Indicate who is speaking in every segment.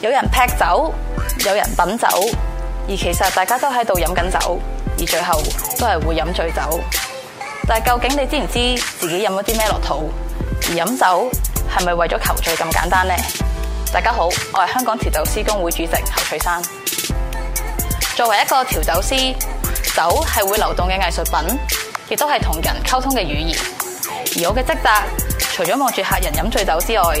Speaker 1: 有人劈酒，有人品酒，而其實大家都喺度飲緊酒，而最後都係會飲醉酒。但究竟你知唔知自己飲咗啲咩落肚？而飲酒係咪為咗求醉咁簡單呢？大家好，我係香港調酒師工會主席侯翠珊。作為一個調酒師，酒係會流動嘅藝術品，亦都係同人溝通嘅語言。而我嘅職責，除咗望住客人飲醉酒之外，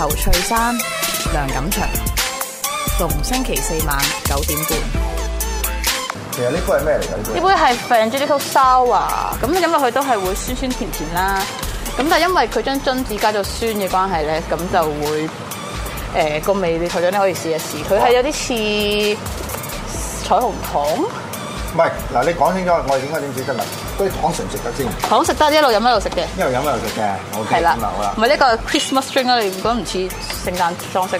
Speaker 1: 侯翠珊、梁錦祥，逢星期四晚九點半。
Speaker 2: 其實呢杯係
Speaker 1: 咩嚟噶？呢杯係 phantom sour 啊，咁飲落去都係會酸酸甜甜啦。咁但係因為佢將榛子加咗酸嘅關係咧，咁就會誒個、呃、味道，你台長你可以試一試。佢係有啲似彩虹糖。唔
Speaker 2: 係，嗱你講清楚，我哋應該點處理？所以糖
Speaker 1: 食唔食得先？糖食得，一路飲一路食嘅。一路飲一
Speaker 2: 路食嘅，OK 好啦。係啦，唔
Speaker 1: 係呢個 Christmas drink 咯，你唔覺得唔似聖誕裝飾？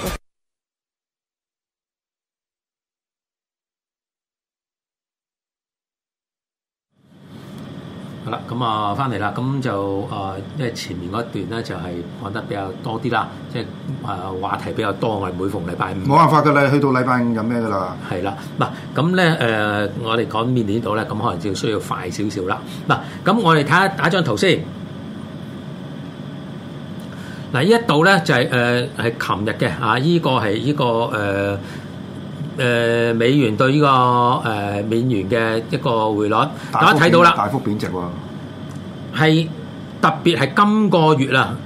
Speaker 3: 咁啊，翻嚟啦，咁就、呃、前面嗰一段咧，就係、是、講得比較多啲啦，即係啊、呃，話題比較多，我哋每逢禮拜五，冇辦法噶啦，去到禮
Speaker 2: 拜五有咩噶啦，
Speaker 3: 係啦，嗱，咁咧誒，我哋講緬甸到咧，咁可能就需要快少少啦，嗱，咁我哋睇下打張圖先，嗱，呢一度咧就係誒係琴日嘅啊，依、這個係依、這個誒誒、呃呃、美元對呢、這個誒、呃、美元嘅一個匯率，大，大家睇到啦，大幅貶值、啊係特別係今個月啦，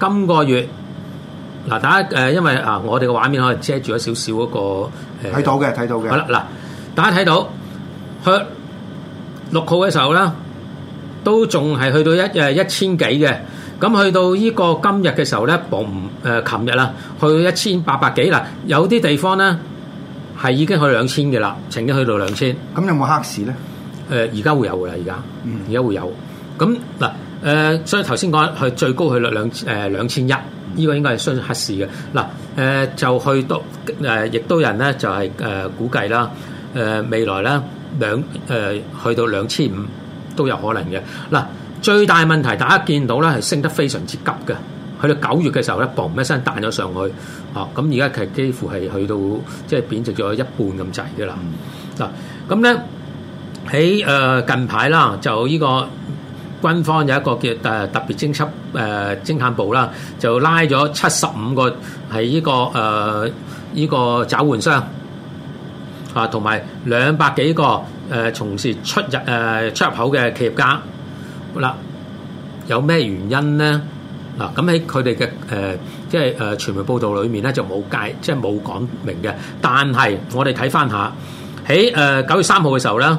Speaker 3: 今個月嗱，大家誒，因為啊，我哋嘅畫面可能遮住咗少少嗰個睇到嘅，睇到嘅好啦。嗱，大家睇到去六號嘅時候咧，都仲係去到一誒一千幾嘅。咁去到呢個今日嘅時候咧，暴唔誒，琴日啦去到一千八百幾啦。有啲地方咧係已經去到兩千嘅啦，曾經去到兩千。咁有冇黑市咧？誒，而家會有噶啦，而家，而家會有。咁嗱、呃，所以頭先講，佢最高去到兩千一，呢個應該係相信黑市嘅。嗱、呃，誒就去到誒、呃，亦都有人咧就係、是、誒、呃、估計啦、呃。未來咧兩、呃、去到兩千五都有可能嘅。嗱、呃，最大問題大家見到咧係升得非常之急嘅，去到九月嘅時候咧，嘣一聲彈咗上去，啊，咁而家其幾幾乎係去到即係貶值咗一半咁滯嘅啦。嗱、啊，咁咧喺近排啦，就呢、這個。軍方有一個叫誒特別偵察誒偵探部啦，就拉咗七十五個係呢個誒呢個找換商啊，同埋兩百幾個誒從事出入誒出入口嘅企業家。好啦，有咩原因咧？嗱，咁喺佢哋嘅誒即係誒傳媒報道裏面咧就冇介即係冇講明嘅，但係我哋睇翻下喺誒九月三號嘅時候咧。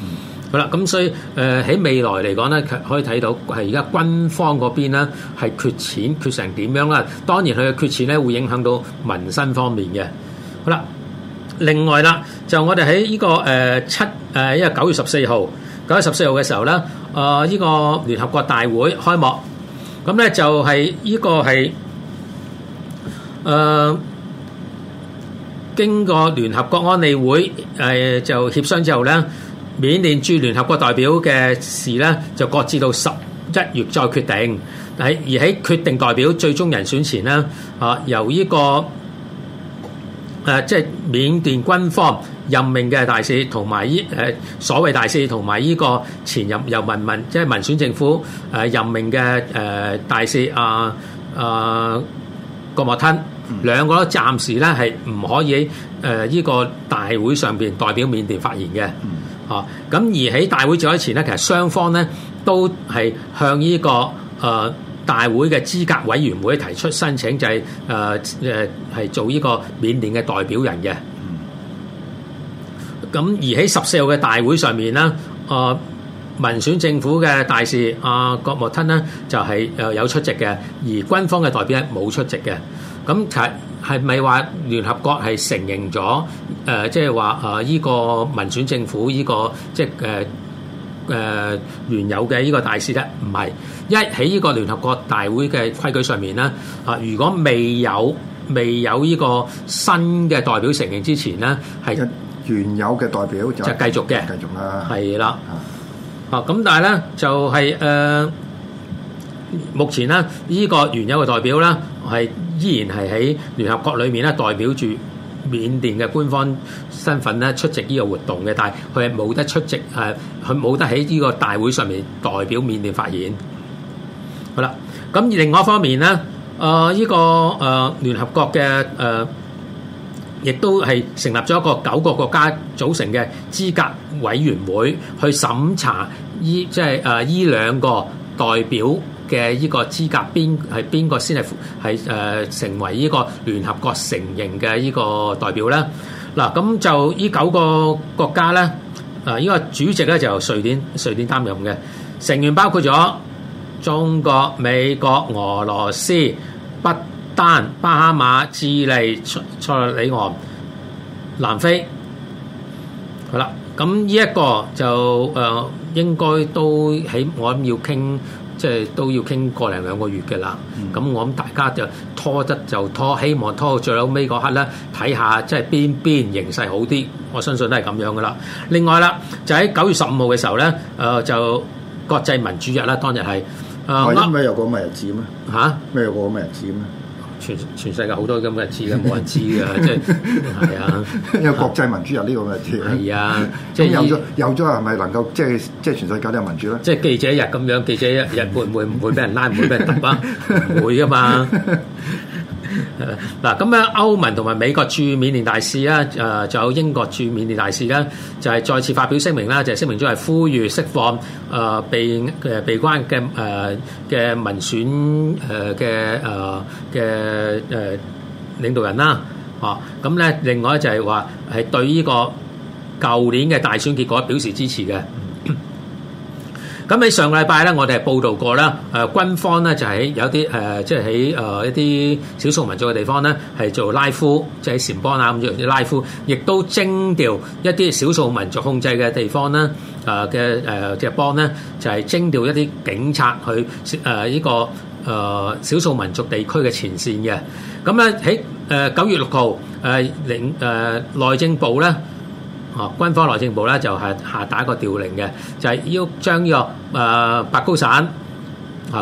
Speaker 3: 好啦，咁所以誒喺未來嚟講咧，可以睇到係而家軍方嗰邊咧係缺錢，缺成點樣啦？當然佢嘅缺錢咧，會影響到民生方面嘅。好啦，另外啦，就我哋喺呢個誒七誒，因為九月十四號，九月十四號嘅時候咧，誒呢個聯合國大會開幕，咁咧就係呢個係誒經過聯合國安理會誒就協商之後咧。緬甸駐聯合國代表嘅事咧，就擱置到十一月再決定。但係而喺決定代表最終人選前咧，啊由依個誒即係緬甸軍方任命嘅大使，同埋依誒所謂大使，同埋依個前任由民民即係民選政府誒任命嘅誒大使啊啊郭莫吞兩個都暫時咧係唔可以誒依個大會上邊代表緬甸發言嘅。咁而喺大會召開前咧，其實雙方咧都係向呢、這個誒、呃、大會嘅資格委員會提出申請，就係誒誒係做呢個緬甸嘅代表人嘅。咁而喺十四號嘅大會上面咧，誒、呃、民選政府嘅大使阿、呃、郭莫吞咧就係、是、誒有出席嘅，而軍方嘅代表係冇出席嘅。咁、嗯、其實係咪話聯合國係承認咗誒，即係話誒呢個民選政府呢個即係誒誒原有嘅呢個大使咧？唔係，一喺呢個聯合國大會嘅規矩上面咧啊，如果未有未有呢個新嘅代表承認之前咧，係原有嘅代表就繼續嘅，繼續啦，係啦。啊咁，但係咧就係誒，目前咧呢個原有嘅代表咧係。依然係喺聯合國裏面咧，代表住緬甸嘅官方身份咧，出席呢個活動嘅，但係佢係冇得出席誒，佢冇得喺呢個大會上面代表緬甸發言。好啦，咁另外一方面咧，誒呢個誒聯合國嘅誒，亦都係成立咗一個九個國家組成嘅資格委員會去審查依即係誒呢兩個代表。嘅依個資格邊係邊個先係係誒，成為依個聯合國承認嘅依個代表咧？嗱咁就依九個國家咧，啊依個主席咧就由瑞典瑞典擔任嘅，成員包括咗中國、美國、俄羅斯、不丹、巴哈馬、智利、塞塞拉里昂、南非。好啦，咁依一個就誒應該都喺我諗要傾。即係都要傾個零兩個月嘅啦，咁、嗯、我諗大家就拖得就拖，希望拖到最後尾嗰刻咧，睇下即係邊邊形勢好啲，我相信都係咁樣噶啦。另外啦，就喺九月十五號嘅時候咧，誒、呃、就國際民主日啦，當日係我啱
Speaker 2: 咪有個咩日子咩？嚇咩有個咩日子咩？全全世界好多咁嘅事嘅，冇人知嘅。 即係
Speaker 3: 係啊，因為國際民主日呢個嘅事。係啊，即係有咗
Speaker 2: 以有咗，係咪能夠即係即係全世界都有民主咧？
Speaker 3: 即係記者日咁樣，記者日會唔會唔 會俾人拉，唔會俾人揼啊？唔會噶嘛。 嗱，咁咧歐盟同埋美國駐緬甸大使啦，誒，仲有英國駐緬甸大使啦，就係、係、再次發表聲明啦，就係、聲明中係呼籲釋放、呃、被誒被關嘅嘅、呃、民選誒嘅嘅領導人啦，啊，咁咧另外就係話係對呢個舊年嘅大選結果表示支持嘅。咁喺上個禮拜咧，我哋係報道過啦。誒軍方咧就喺有啲誒，即係喺誒一啲少數民族嘅地方咧，係做拉夫，即係喺撣邦啊咁樣拉夫，亦都徵調一啲少數民族控制嘅地方咧，誒嘅誒隻幫咧，就係徵調一啲警察去誒呢個誒少數民族地區嘅前線嘅。咁咧喺誒九月六號誒領誒內政部咧。哦，軍方內政部咧就係下打個調令嘅，就係要將呢個誒白高省啊，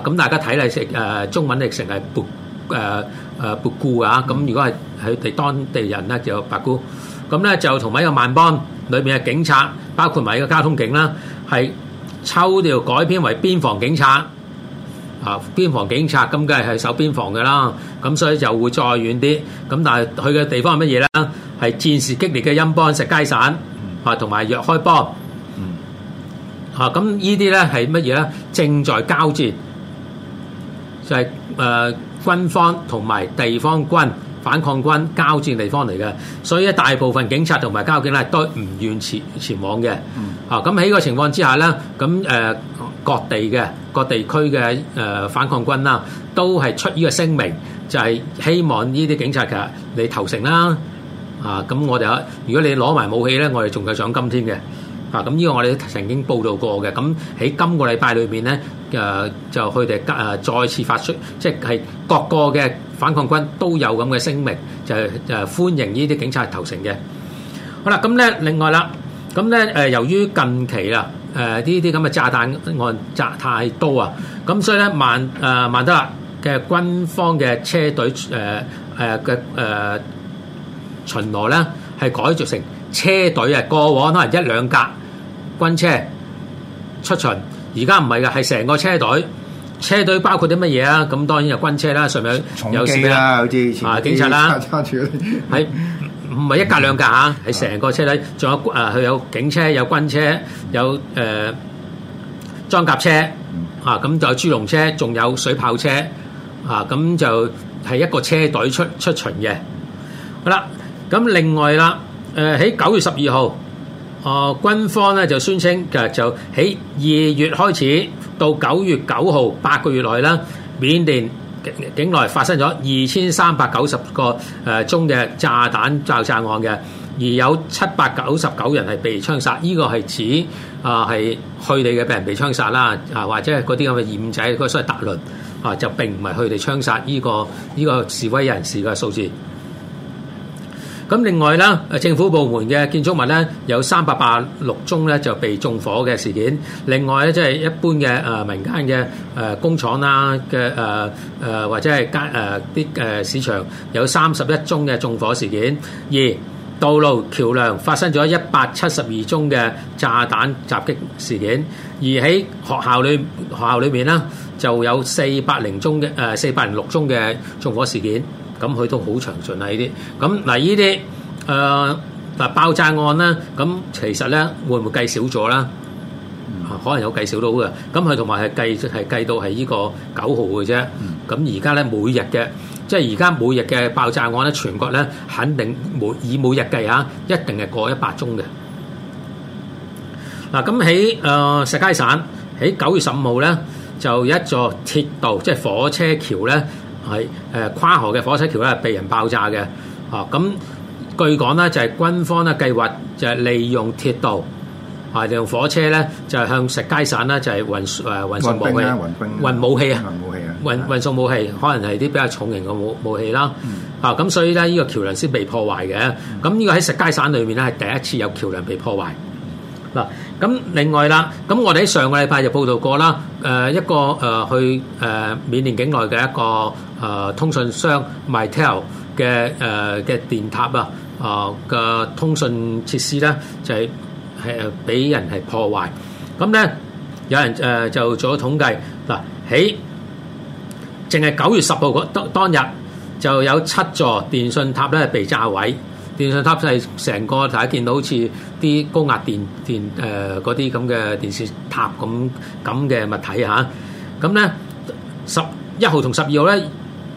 Speaker 3: 咁大家睇嚟食誒中文譯成係布誒誒勃固嚇，咁如果係佢哋當地人咧就白姑，咁咧就同埋一個萬邦裏邊嘅警察，包括埋一個交通警啦，係抽調改編為邊防警察啊，邊防警察咁梗係係守邊防嘅啦，咁所以就會再遠啲，咁但係去嘅地方係乜嘢咧？係戰事激烈嘅欽邦實皆省。啊，同埋若開邦，啊咁呢啲咧係乜嘢咧？正在交戰，就係、是、誒、呃、軍方同埋地方軍反抗軍交戰地方嚟嘅，所以咧大部分警察同埋交警咧都唔願前前往嘅。嗯、啊，咁喺呢個情況之下咧，咁誒、呃、各地嘅各地區嘅誒、呃、反抗軍啦、啊，都係出呢個聲明，就係、是、希望呢啲警察其實你投誠啦。啊，咁我哋，如果你攞埋武器咧，我哋仲有獎金添嘅，啊，咁呢個我哋曾經報道過嘅，咁喺今個禮拜裏邊咧，誒就佢哋誒再次發出，即係各個嘅反抗軍都有咁嘅聲明，就就歡迎呢啲警察投誠嘅。好啦，咁咧另外啦，咁咧誒由於近期啊，誒呢啲咁嘅炸彈案炸太多啊，咁所以咧曼誒曼德勒嘅軍方嘅車隊誒誒嘅誒。巡邏咧係改造成車隊啊！過往可能一兩架軍車出巡，而家唔係嘅係成個車隊。車隊包括啲乜嘢啊？咁當然係有軍車啦，上面有機啦，
Speaker 2: 有啲警察啦，
Speaker 3: 係唔係一格兩格啊？係成個車隊，仲有誒佢有警車、有軍車、有誒裝甲車嚇，咁仲有豬籠車，仲有水炮車啊！咁就係一個車隊出出巡嘅，好啦。咁另外啦，誒喺九月十二號，啊軍方咧就宣稱，其實就喺二月開始到九月九號八個月內咧，緬甸境境內發生咗二千三百九十個誒宗嘅炸彈爆炸案嘅，而有七百九十九人係被槍殺。呢個係指啊係佢哋嘅病人被槍殺啦，啊或者係嗰啲咁嘅嫌仔，個所謂達論啊就並唔係佢哋槍殺呢個呢個示威人士嘅數字。咁另外咧，誒政府部門嘅建築物咧，有三百八十六宗咧就被縱火嘅事件；另外咧，即係一般嘅誒民間嘅誒工廠啦嘅誒誒或者係間誒啲誒市場有三十一宗嘅縱火事件；而道路橋梁發生咗一百七十二宗嘅炸彈襲擊事件；而喺學校裏學校裏面啦，就有四百零宗嘅誒四百零六宗嘅縱火事件。咁佢都好詳盡啦，呢啲咁，嗱，呢啲誒嗱爆炸案啦，咁其實咧會唔會計少咗啦？嗯、可能有計少到嘅。咁佢同埋係計係計到係呢個九號嘅啫。咁而家咧每日嘅，即係而家每日嘅爆炸案咧，全國咧肯定每以每日計下，一定係過一百宗嘅。嗱、呃，咁喺誒石階省喺九月十五號咧，就一座鐵道即係火車橋咧。係誒跨河嘅火車橋咧，係被人爆炸嘅。啊，咁據講咧就係軍方咧計劃就係利用鐵道啊，利用火車咧就係向石階省咧就係運誒運送武器、運武器啊、運，運武器啊、運運，啊運，運送武器，可能係啲比較重型嘅武武器啦。啊，咁、嗯、所以咧呢個橋梁先被破壞嘅。咁呢、嗯、個喺石階省裏面咧係第一次有橋梁被破壞。嗱，咁另外啦，咁我哋喺上個禮拜就報道過啦，誒一個誒去誒緬甸境內嘅一個誒通訊商 Mytel 嘅誒嘅電塔啊，誒嘅通訊設施咧，就係係俾人係破壞。咁咧，有人誒就做咗統計，嗱，喺淨係九月十號嗰當當日，就有七座電信塔咧被炸毀。電信塔就係成個大家見到好似啲高壓電電誒嗰啲咁嘅電視塔咁咁嘅物體嚇，咁咧十一號同十二號咧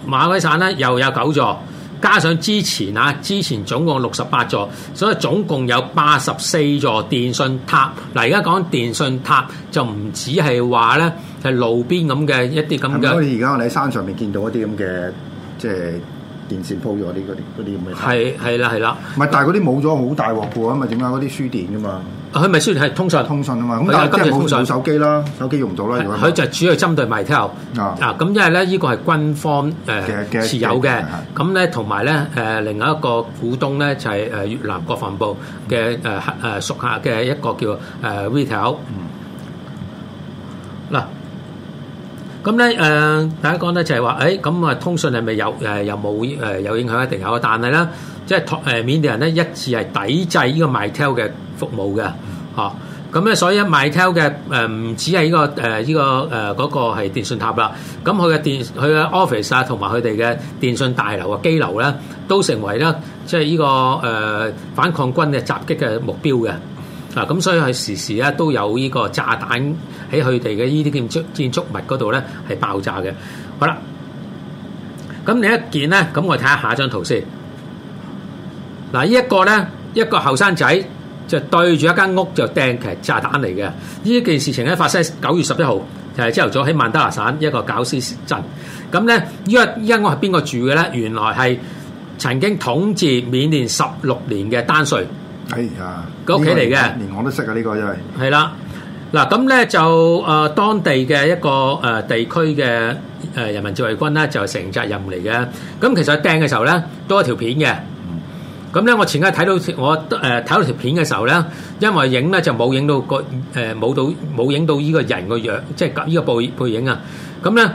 Speaker 3: 馬尾山咧又有九座，加上之前嚇、啊、之前總共六十八座，所以總共有八十四座電信塔。嗱、啊，而家講電信塔就唔止係話咧係路邊咁嘅一啲咁嘅，因為而家我哋喺
Speaker 2: 山上面見到一啲咁嘅即係。電線鋪咗啲嗰啲嗰啲咁嘅，係，係啦係啦。唔係但係嗰啲冇咗好大鑊嘅喎，咁啊點解嗰啲書店嘅嘛？
Speaker 3: 佢咪書店係通訊通訊
Speaker 2: 啊嘛，咁但係即係冇手
Speaker 3: 機啦，手機用唔到啦。佢就主要針對 Mytel 咁，因為咧呢個係軍方持有嘅，咁咧同埋咧另一個股東咧就係越南國防部嘅屬下嘅一個叫誒 Viettel。咁咧誒，大家講咧就係話，誒咁啊，通訊係咪有誒又冇誒有影響？一定有，但係咧，即係誒緬甸人咧一致係抵制依個 Mytel 嘅服務嘅，哦，咁咧所以 Mytel 嘅誒唔止係依個誒依個誒嗰個係電信塔啦，咁佢嘅電佢嘅 office 啊，同埋佢哋嘅電信大樓啊、機樓咧，都成為咧即係依個誒反抗軍嘅襲擊嘅目標嘅。嗱，咁所以佢時時咧都有依個炸彈喺佢哋嘅依啲建築建築物嗰度咧係爆炸嘅。好啦，咁另一件咧，咁我哋睇下下一張圖先。嗱，依一個咧，一個後生仔就對住一間屋就掟其實炸彈嚟嘅。依件事情咧發生喺九月十一號，就係朝頭早喺曼德拉省一個皎斯鎮。咁咧，依個依間屋係邊個住嘅咧？原來係曾經統治緬甸十六年嘅丹瑞。係啊。佢屋企嚟嘅，連我都識啊！呢個因為係啦，嗱咁咧就誒當地嘅一個誒地區嘅誒人民自衛軍咧，就係成責任嚟嘅。咁其實掟嘅時候咧，多一條片嘅。咁咧，我前日睇到我誒睇到條片嘅時候咧，因為影咧就冇影到個誒冇到冇影到呢個人個樣，即係呢個背背影啊。咁咧。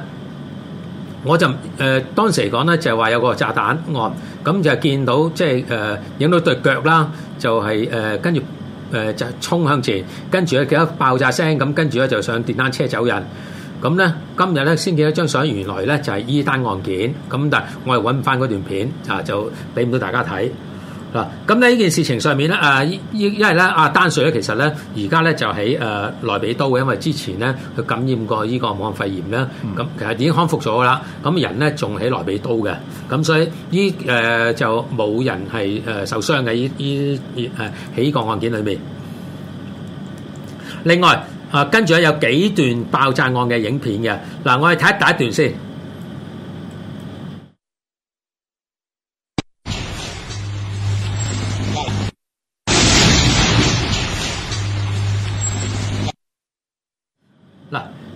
Speaker 3: 我就誒、呃、當時嚟講咧，就係話有個炸彈案，咁就見到即係誒影到對腳啦，就係、是、誒、呃就是呃、跟住誒、呃、就衝向前，跟住咧記得爆炸聲，咁跟住咧就上電單車走人。咁咧今日咧先見到張相，原來咧就係、是、依單案件。咁但係我係搵唔翻嗰段片啊，就俾唔到大家睇。嗱，咁咧呢件事情上面咧，啊，依依，因為咧，啊，丹瑞咧，其實咧，而家咧就喺誒內比都，因為之前咧佢感染過依個網肺炎咧，咁其實已經康復咗啦，咁人咧仲喺內比都嘅，咁所以依誒就冇人係誒受傷嘅依依誒喺依個案件裏面。另外，啊，跟住咧有幾段爆炸案嘅影片嘅，嗱，我哋睇第一段先。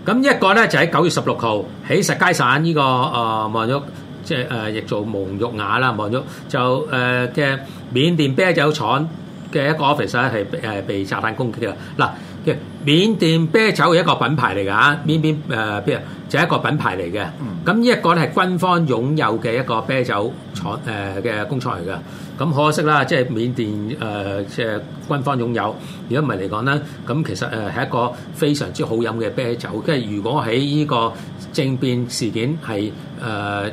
Speaker 3: 咁一個咧就喺九月十六號喺實皆省呢個誒孟玉，即係誒亦叫做蒙育瓦啦，孟玉就誒嘅緬甸啤酒廠嘅一個 office 咧係誒被炸彈攻擊嘅嗱。嘅緬甸啤酒係一個品牌嚟㗎，邊邊誒邊就係一個品牌嚟嘅。咁呢一個咧係軍方擁有嘅一個啤酒廠誒嘅工廠嚟嘅。咁可惜啦，即係緬甸誒即係軍方擁有。如果唔係嚟講咧，咁其實誒係一個非常之好飲嘅啤酒。即係如果喺呢個政變事件係誒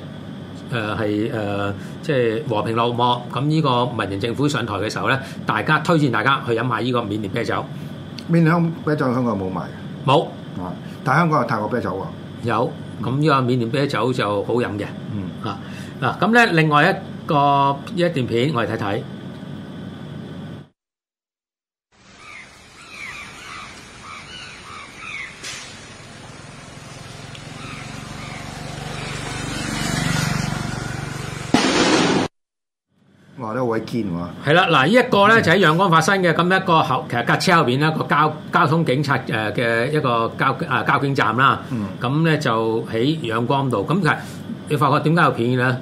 Speaker 3: 誒係誒即係和平落幕，咁呢個民營政府上台嘅時候咧，大家推薦大家去飲下呢個緬甸啤酒。緬甸啤酒香港冇賣的？嘅，冇。啊，但
Speaker 2: 香港有泰國啤酒喎。
Speaker 3: 有。咁呢個緬甸啤酒就好飲嘅。嗯。啊。咁另外一個一段片，我嚟睇睇。位見喎，係啦，嗱，呢一個咧就喺陽光發生嘅咁一個後，其實架車後邊咧一個交交通警察誒嘅一個交啊交警站啦，嗯，咁咧就喺陽光度，咁其實你發覺點解有片咧？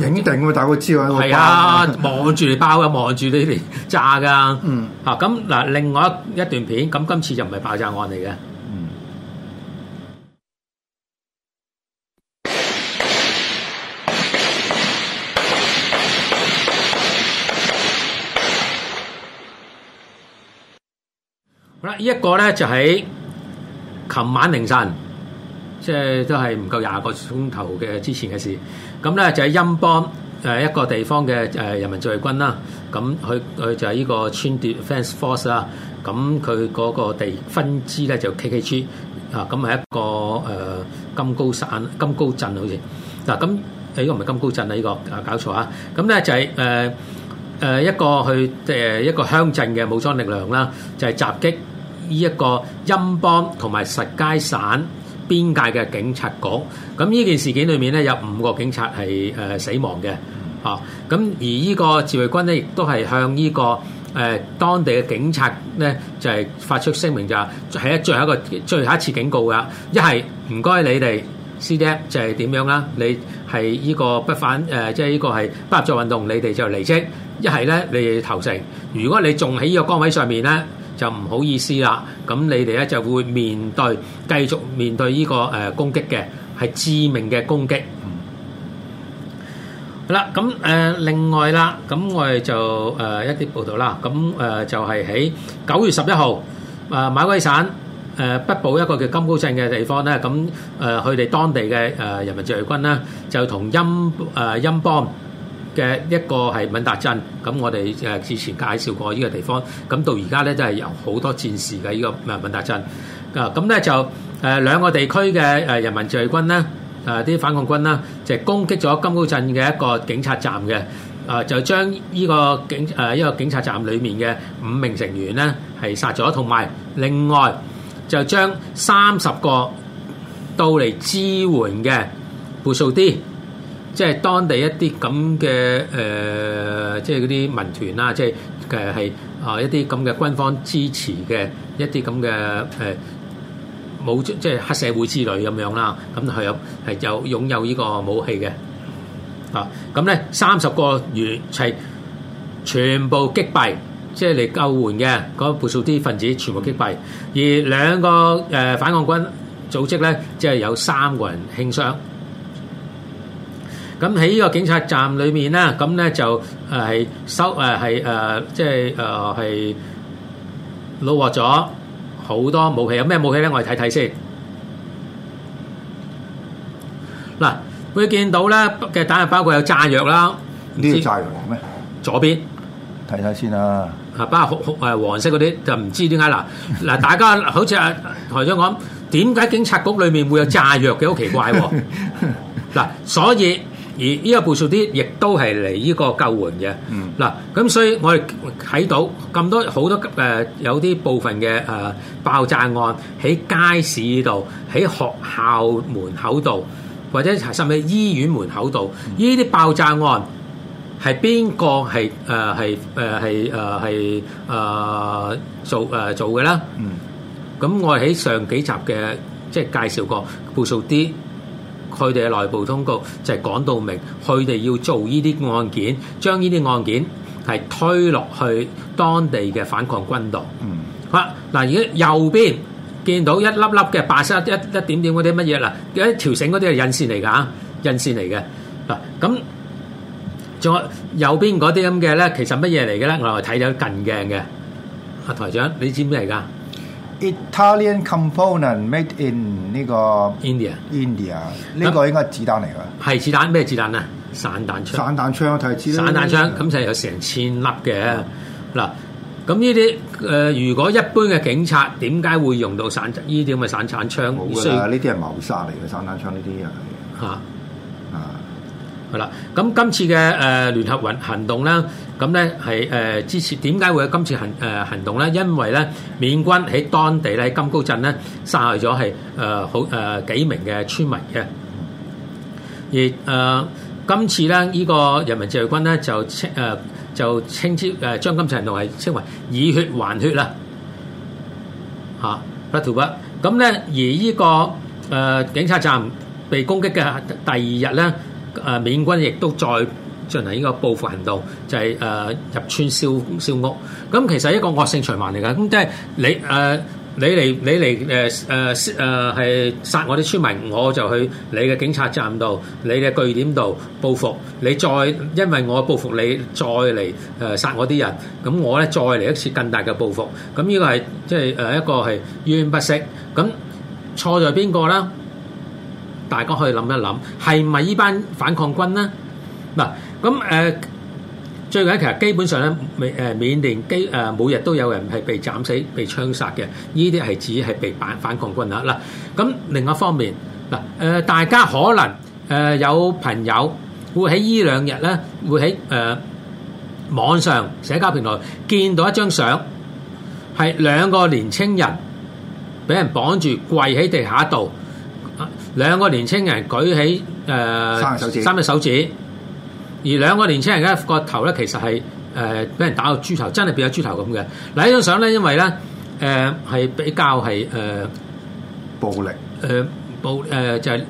Speaker 2: 肯定喎，大家知道喎，係啊，
Speaker 3: 望住嚟爆噶，望住你嚟炸噶，嗯，吓咁嗱，另外一一段片，咁今次就唔係爆炸案嚟嘅。一個咧就喺琴晚凌晨，即係都係唔夠廿個鐘頭嘅之前嘅事。咁咧就喺陰邦誒一個地方嘅誒人民志願軍啦。咁佢佢就係依個穿奪 Fence Force 啊。咁佢嗰個地分支咧就 KKG 啊。咁係一個誒金高山金高鎮好似嗱。咁誒依個唔係金高鎮啊，依個啊搞錯啊。咁咧就係誒誒一個去誒一個鄉鎮嘅武裝力量啦，就係襲擊。呢一個陰邦同埋實街省邊界嘅警察局，咁呢件事件裏面咧有五個警察係誒死亡嘅，哦、啊，咁而呢個自衛軍咧亦都係向呢、這個誒、呃、當地嘅警察咧就係、是、發出聲明、就是，就係喺最後一個最後一次警告啦。一係唔該你哋，C D F 就係點樣啦？你係呢個不反誒、呃，即係呢個係不合作運動，你哋就離職。一係咧你哋投誠，如果你仲喺呢個崗位上面咧。就唔好意思啦，咁你哋咧就會面對繼續面對呢個誒攻擊嘅，係致命嘅攻擊。好啦，咁誒另外啦，咁我哋就誒一啲報道啦，咁誒就係喺九月十一號啊馬威省誒北部一個叫金高鎮嘅地方咧，咁誒佢哋當地嘅誒人民志願軍咧就同蔭誒蔭幫，嘅一個係敏達鎮，咁我哋誒之前介紹過呢個地方，咁到而家咧都係有好多戰事嘅呢個誒敏達鎮，啊咁咧就誒兩個地區嘅誒人民自衛軍咧，誒啲反抗軍啦，就攻擊咗金高鎮嘅一個警察站嘅，啊就將呢個警誒一個警察站裏面嘅五名成員咧係殺咗，同埋另外就將三十個到嚟支援嘅步數啲。即係當地一啲咁嘅誒，即係嗰啲民團啦，即係嘅係啊一啲咁嘅軍方支持嘅一啲咁嘅誒，武即係黑社會之類咁樣啦。咁佢有係有擁有呢個武器嘅啊。咁咧三十個原齊全部擊斃，即係嚟救援嘅嗰部數啲分子全部擊斃。而兩個誒、呃、反抗軍組織咧，即係有三個人輕傷。咁喺依個警察站裏面咧，咁咧就誒係收誒係誒即係誒係撈獲咗好多武器，有咩武器咧？我哋睇睇先。嗱，會見到咧嘅彈藥，包括有炸藥啦。呢啲炸藥嚟咩？左邊
Speaker 2: 睇睇先啦。
Speaker 3: 啊，包括紅誒黃色嗰啲，就唔知點解嗱嗱。大家好似阿台長講，點解警察局裏面會有炸藥嘅？好奇怪喎！嗱，所以。而依個步數 D 亦都係嚟依個救援嘅。嗱，咁所以我哋睇到咁多好多誒有啲部分嘅誒爆炸案喺街市度、喺學校門口度，或者甚至醫院門口度，依啲爆炸案係邊個係誒係誒係誒係誒做誒做嘅咧？咁我哋喺上幾集嘅即係介紹過步數 D。佢哋嘅內部通告就係講到明，佢哋要做呢啲案件，將呢啲案件係推落去當地嘅反抗軍度。嗯，好嗱，而家右邊見到一粒粒嘅白色一一點點嗰啲乜嘢啦，一條繩嗰啲係引線嚟㗎，引線嚟嘅。嗱，咁仲有右邊嗰啲咁嘅咧，其實乜嘢嚟嘅咧？我係睇咗近鏡嘅，阿台長，你知唔知嚟㗎？
Speaker 2: Italian component made in 呢、這個 India，India 呢、這個應該係子彈
Speaker 3: 嚟㗎。係子彈咩子彈啊？散彈槍。散
Speaker 2: 彈槍睇提子。散彈槍
Speaker 3: 咁就有成千粒嘅嗱，咁呢啲誒如果一般嘅警察點解會用到散呢啲咁嘅散彈槍？冇㗎啦，呢
Speaker 2: 啲係謀殺嚟嘅散彈槍呢啲啊。
Speaker 3: 係啦，咁今次嘅誒聯合運行動咧，咁咧係誒之前點解會有今次行誒行動咧？因為咧，緬軍喺當地咧金高鎮咧殺害咗係誒好誒幾名嘅村民嘅。而誒今次咧，呢個人民自衛軍咧就稱誒就稱之誒將今次行動係稱為以血還血啦。嚇不圖不咁咧，而呢個誒警察站被攻擊嘅第二日咧。誒緬、啊、軍亦都再進行呢個報復行動，就係、是、誒、啊、入村燒燒屋。咁其實一個惡性循環嚟㗎。咁即係你誒、呃、你嚟你嚟誒誒誒係殺我啲村民，我就去你嘅警察站度、你嘅據點度報復你。再因為我報復你再、呃，再嚟誒殺我啲人，咁我咧再嚟一次更大嘅報復。咁呢個係即係誒一個係冤不息。咁錯在邊個呢？大家可以諗一諗，係咪依班反抗軍咧？嗱，咁誒最近其實基本上咧，誒緬甸基誒每日都有人係被斬死、被槍殺嘅，依啲係指係被反反抗軍啊！嗱，咁另一方面嗱，誒大家可能誒有朋友會喺依兩日咧，會喺誒網上社交平台見到一張相，係兩個年青人俾人綁住跪喺地下度。兩個年青人舉起誒、呃、三隻手指、手指，而兩個年青人咧個頭咧其實係誒俾人打到豬頭，真係變咗豬頭咁嘅。嗱，呢張相咧，因為咧誒係比較係誒、呃、暴力、呃，誒暴誒、呃、就係、是、誒、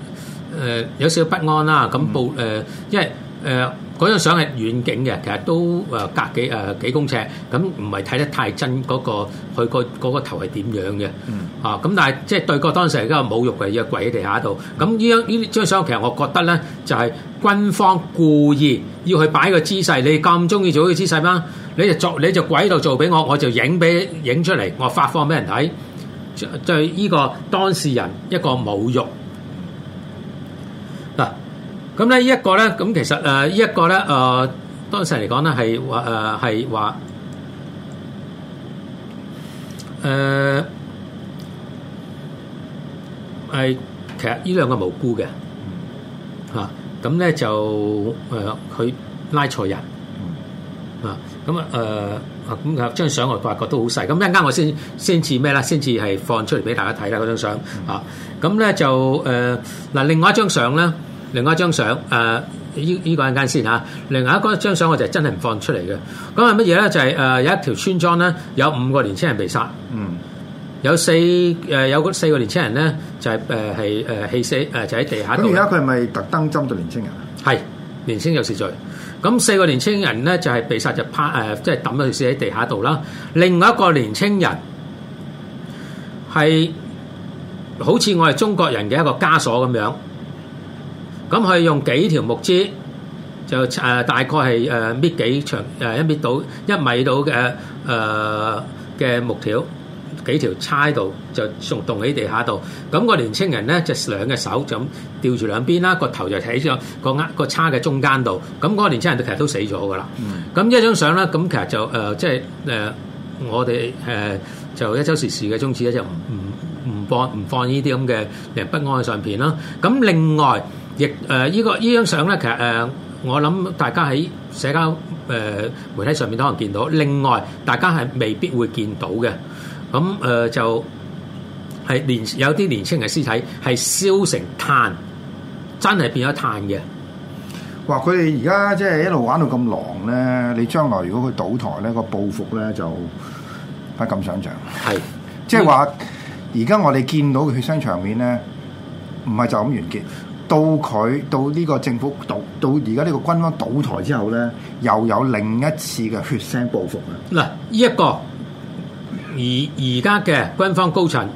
Speaker 3: 呃、有少少不安啦。咁暴誒，呃嗯、因為誒。呃嗰張相係遠景嘅，其實都、呃、隔幾、呃、幾公尺，咁唔係睇得太真嗰、嗰個佢、嗰個頭係點樣嘅？嗯、啊，咁但係即係對個當事人一個侮辱嘅，要跪喺地下度。咁呢張呢張相，其實我覺得咧，就係、是、軍方故意要去擺個姿勢，你咁中意做呢個姿勢嗎？你就做你就跪喺度做俾我，我就影俾影出嚟，我發放俾人睇，對呢個當事人一個侮辱。咁咧依一個咧，咁其實誒依一個咧，誒當時嚟講咧，係話誒係話誒係其實依兩個無辜嘅嚇，咁咧就誒佢拉錯人啊，咁啊誒啊咁啊張相我發覺都好細，咁一陣間我先先至咩啦？先至係放出嚟俾大家睇啦嗰張相啊，咁咧就誒嗱另外一張相咧。另外一張相，誒呢呢個陣間先嚇。另外一張相，我就真係唔放出嚟嘅。咁係乜嘢咧？就係、是、誒、呃、有一條村莊咧，有五個年青人被殺，嗯，有四誒、呃、有個四個年青人咧，就係誒係誒棄屍誒就喺地下度。嗯。而家
Speaker 2: 佢係咪特登
Speaker 3: 針對年青人啊？係年青有是罪。咁四個年青人咧就係、是、被殺就趴誒，即係揼咗佢死喺地下度啦。另外一個年青人係好似我哋中國人嘅一個枷鎖咁樣。咁佢用幾條木枝，就、呃、大概係誒搣幾長誒一搣到一米到嘅誒嘅木條，幾條叉喺度就鬆棟喺地下度。咁、嗰個年青人咧，就兩隻手就咁吊住兩邊啦，個頭就睇咗個呃個叉嘅中間度。咁、那、嗰個年青人其實都死咗噶啦。咁、嗯、一張相咧，咁其實就即係、呃即係呃、我哋、呃、就一週時事嘅宗旨咧，就唔唔唔放唔放呢啲咁嘅令人不安嘅相片啦。咁另外。亦誒、呃這個、呢個呢張相咧，其實誒、呃、我諗大家喺社交誒、呃、媒體上面都可能見到。另外，大家係未必會見到嘅。咁、嗯、誒、呃、就係年有啲年輕嘅屍體係燒成炭，真係變咗炭嘅。
Speaker 2: 哇！佢哋而家即係一路玩到咁狼咧，你將來如果佢倒台咧，個報復咧就不敢想像。係，即係話而家我哋見到嘅血腥場面咧，唔係就咁完結。到佢到呢個政府倒，到而家呢個軍方倒台之後咧，又有另一次嘅血腥報復啊、這
Speaker 3: 個！嗱，呢一個而而家嘅軍方高層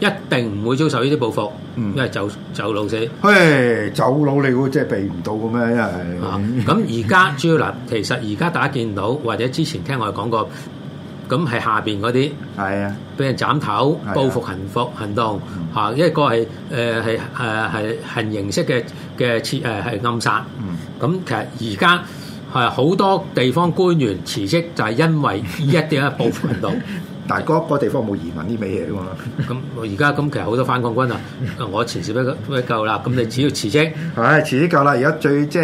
Speaker 3: 一定唔會遭受呢啲報復，嗯，因為走走佬死，
Speaker 2: 唉，走佬你估真係避唔到嘅咩？因為
Speaker 3: 咁而家主要嗱，其實而家大家見到或者之前聽我哋講過。咁係下面嗰啲，係啊，俾人斬頭、啊、報復行復行動吓，係啊、一個係、呃呃、行形式嘅嘅、呃、暗殺。咁、嗯、其實而家好多地方官員辭職就係因為一啲嘅報復行動。
Speaker 2: 但係嗰、嗰個嗰個地方冇移民呢味嘢㗎嘛。
Speaker 3: 咁而家咁其實好多反抗軍啊，我辭職都都夠啦。咁你只要辭職，係、啊、辭職夠啦。而家最即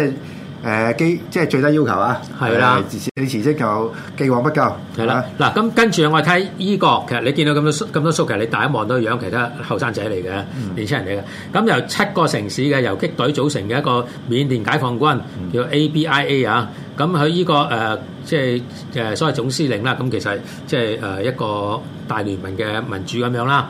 Speaker 3: 誒基、呃、即係最低要求啊！係啦的，你辭職就
Speaker 2: 既往不咎係啦。
Speaker 3: 嗱咁跟住啊，的的我睇依、依個其實你見到咁多咁多蘇，其實你第一望到樣，其他、嗯、後生仔嚟嘅，年輕人嚟嘅。咁由七個城市嘅游擊隊組成嘅一個緬甸解放軍、嗯、叫 ABIA 啊。咁佢依個誒、呃、即係誒所謂總司令啦。咁其實即係誒一個大聯盟嘅民主咁樣啦。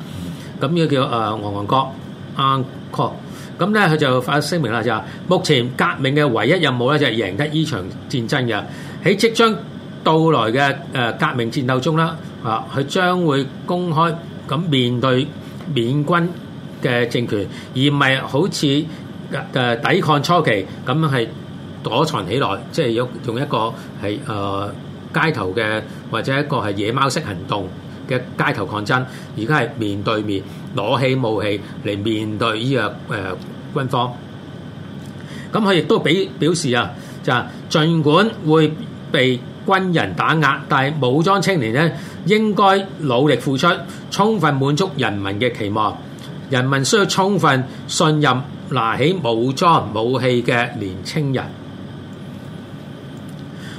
Speaker 3: 咁呢、嗯、個叫誒昂昂國昂確。嗯國咁咧，佢就發聲明啦，就話目前革命嘅唯一任務咧，就係贏得呢場戰爭嘅。喺即將到來嘅誒革命戰鬥中啦，啊，佢將會公開咁面對緬軍嘅政權，而唔係好似誒抵抗初期咁樣係躲藏起來，即係用用一個係誒街頭嘅或者一個係野貓式行動嘅街頭抗爭，而家係面對面。攞起武器嚟面對呢個誒軍方，咁佢亦都俾表示啊，就儘管會被軍人打壓，但係武裝青年咧應該努力付出，充分滿足人民嘅期望。人民需要充分信任拿起武裝武器嘅年輕人。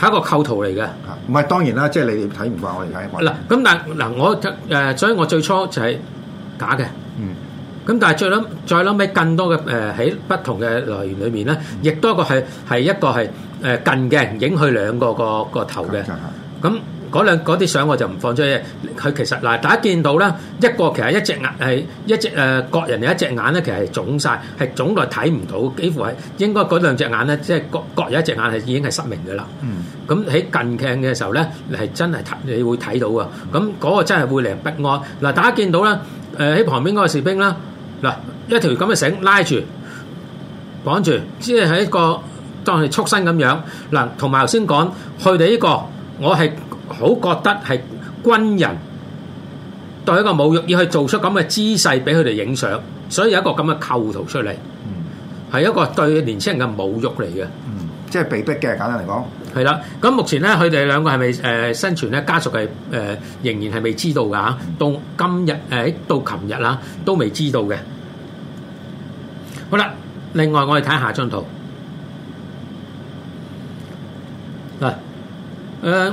Speaker 3: 係一個構圖嚟嘅，唔係、嗯、當然啦，即係你
Speaker 2: 哋睇唔慣我哋睇。嗱
Speaker 3: 咁但嗱我誒、呃，所以我最初就係假嘅，嗯。咁但係再諗再諗起更多嘅誒，喺、呃、不同嘅來源裏面咧，嗯、亦多個係係一個係誒、呃、近鏡，影佢兩個個個頭嘅，咁是。嗰兩嗰啲相我就唔放出去。佢其實嗱，大家見到咧，一個其實一隻眼係一隻誒，各人有一隻眼咧，其實係腫曬，係腫到睇唔到，幾乎係應該嗰兩隻眼咧，即係各各有一隻眼係已經係失明噶啦。咁喺近鏡嘅時候咧，係真係睇你會睇到啊。咁嗰個真係會令不安嗱。大家見到咧，誒喺旁邊嗰個士兵啦，嗱一條咁嘅繩拉住綁住，即係喺一個當係畜生咁樣嗱。同埋頭先講，佢哋呢個我係。好覺得係軍人對一個侮辱，要去做出咁嘅姿勢俾佢哋影相，所以有一個咁嘅構圖出嚟，係一個對年輕人嘅侮辱嚟嘅，即係被逼嘅。簡單嚟講，係啦，咁目前咧，佢哋兩個係咪誒生存咧？家屬係誒仍然係未知道㗎吓，到今日誒到琴日啦，都未知道嘅。好啦，另外我哋睇下張圖，嗱誒。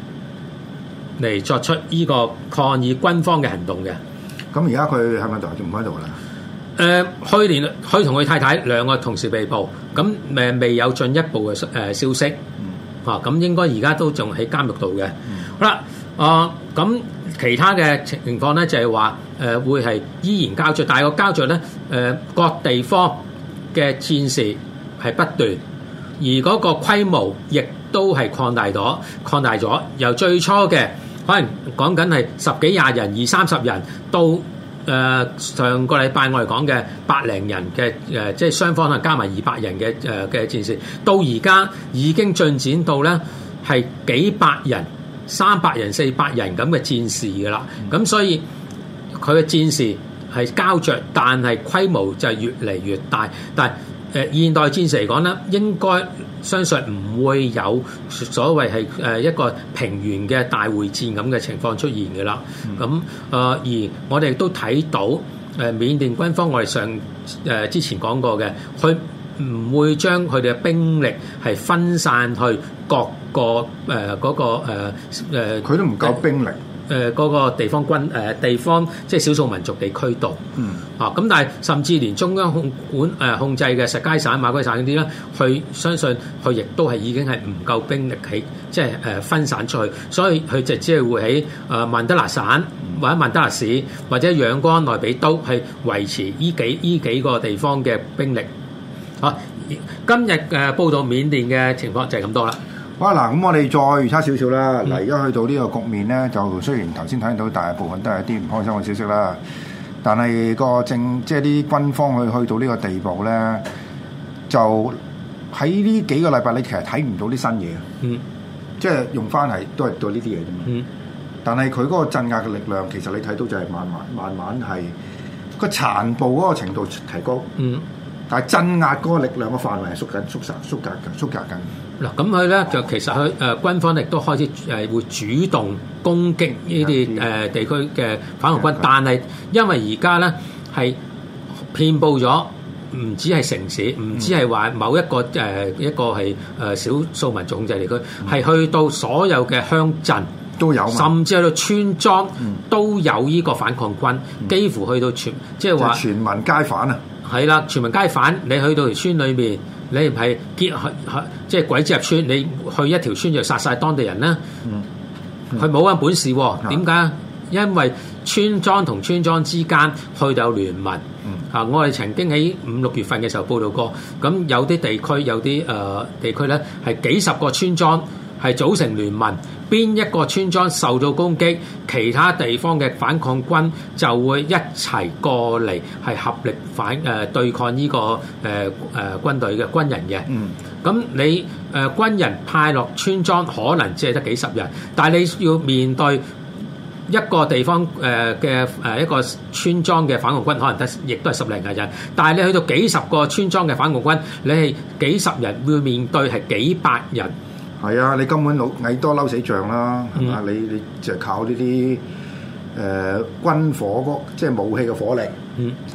Speaker 3: 嚟作出呢個抗議軍方嘅行動嘅，
Speaker 2: 咁而家佢係咪就唔喺度啦？
Speaker 3: 誒，去年佢同佢太太兩個同時被捕，咁誒未有進一步嘅誒消息嚇，咁應該而家都仲喺監獄度嘅。好、呃、啦，啊，咁其他嘅情況咧就係話誒會係依然膠着，但係個膠着咧誒各地方嘅戰事係不斷，而嗰個規模亦都係擴大咗，擴大咗由最初嘅。可能講緊係十幾廿人、二三十人，到誒、呃、上個禮拜我哋講嘅百零人嘅誒、呃，即係雙方啊加埋二百人嘅誒嘅戰士，到而家已經進展到咧係幾百人、三百人、四百人咁嘅戰士噶啦，咁、嗯、所以佢嘅戰士係膠着，但係規模就係越嚟越大，但係。誒現代戰事嚟講咧，應該相信唔會有所謂係誒一個平原嘅大會戰咁嘅情況出現嘅啦。咁啊，而我哋都睇到誒緬甸軍方我，我哋上誒之前講過嘅，佢唔會將佢哋嘅兵力係分散去各個誒嗰、呃嗰個誒佢、呃、都唔夠兵力。誒嗰、呃、個地方軍誒、呃、地方即係少數民族地區度，嗯，嚇咁、啊、但係甚至連中央控管誒、呃、控制嘅石階省、馬圭省啲咧，佢相信佢亦都係已經係唔夠兵力起，即係誒分散出去，所以佢就只係會喺誒曼德勒省、或者曼德勒市或者仰光內比都去維持呢幾呢幾個地方嘅兵力。嚇、啊，今日誒、呃、報道緬甸嘅情況就係咁多啦。
Speaker 2: 哇！嗱，咁我哋再預測少少啦。嗱，而家去到呢個局面咧，就雖然頭先睇到，大部分都係一啲唔開心嘅消息啦。但係個政，即係啲軍方去去到呢個地步咧，就喺呢幾個禮拜，你其實睇唔到啲新嘢。嗯。即係用翻係都係對呢啲嘢啫嘛。嗯。但係佢嗰個鎮壓嘅力量，其實你睇到就係慢慢慢慢係個殘暴嗰個程度提高。嗯。但係鎮壓嗰個力量嘅範圍係縮緊、縮實、縮格嘅、縮格緊，緊，緊。
Speaker 3: 嗱，咁佢咧就其實佢誒、呃、軍方亦都開始誒會主動攻擊呢啲誒地區嘅反抗軍，但係因為而家咧係遍佈咗，唔止係城市，唔止係話某一個誒、呃、一個係誒少數民族控制地區，係、嗯、去到所有嘅鄉鎮都有，甚至去到村莊都有呢個反抗軍，幾乎去到全即係話全民皆反啊！係啦，全民皆反，你去到條村裏面，你唔係結即係鬼子入村，你去一條村就殺晒當地人啦。佢冇咁本事，點解？啊、因為村莊同村莊之間，去到有聯盟。嗯、啊，我哋曾經喺五六月份嘅時候報道過，咁有啲地區，有啲誒、呃、地區咧，係幾十個村莊。係組成聯盟，邊一個村莊受到攻擊，其他地方嘅反抗軍就會一齊過嚟，係合力反誒對抗呢個誒誒軍隊嘅軍人嘅。嗯，咁你誒軍人派落村莊，可能只係得幾十人，但係你要面對一個地方誒嘅誒一個村莊嘅反抗軍，可能得亦都係十零人。但係你去到幾十個村莊嘅反抗軍，你係幾十人會面對係幾百人。
Speaker 2: 係啊，你根本老矮多嬲死仗啦，係嘛、嗯？你你就靠呢啲誒軍火，即係武器嘅火力，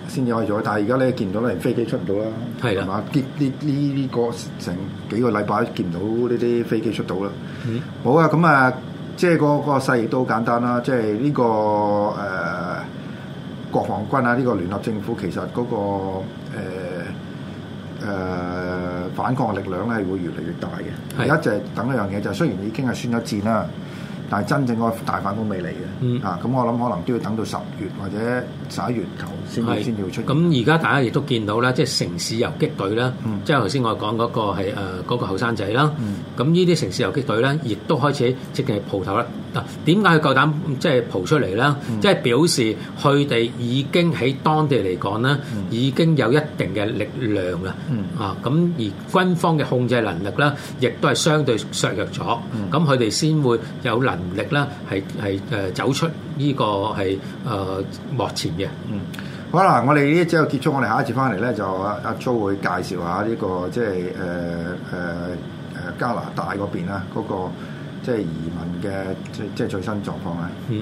Speaker 2: 先至、嗯、可以做。但係而家咧，見唔到咧，飛機出唔到啦，係嘛是的？呢呢呢個成幾個禮拜都見唔到呢啲飛機出到啦。嗯、好啊，咁、那個那個、啊，即係嗰、這個勢亦都簡單啦，即係呢個誒國防軍啊，呢、這個聯合政府其實嗰、那個、呃誒、呃、反抗嘅力量咧係會越嚟越大嘅，是而家就等一樣嘢就係雖然已經係宣咗戰啦，但係真正個大反攻未嚟嘅。嗯，嚇咁、啊、我諗可能都要等到十月或者十一月頭先先要出現。
Speaker 3: 咁而家大家亦都見到啦，即、就、係、是、城市遊擊隊啦。即係頭先我講嗰個係誒嗰個後生仔啦。咁呢啲城市遊擊隊咧，亦都開始設計鋪頭啦。啊！點解佢夠膽即係蒲出嚟咧？即係、嗯、表示佢哋已經喺當地嚟講咧，嗯、已經有一定嘅力量啦。嗯、啊！咁而軍方嘅控制能力咧，亦都係相對削弱咗。咁佢哋先會有能力咧，係係誒走出呢、這個係誒、呃、幕前嘅。嗯，
Speaker 2: 好啦，我哋呢一節之後結束，我哋下一節翻嚟咧，就阿阿 Joe 會介紹一下呢、這個即係誒誒誒加拿大嗰
Speaker 1: 邊啦，嗰即係移民嘅，即係即係最新狀況啊！嗯。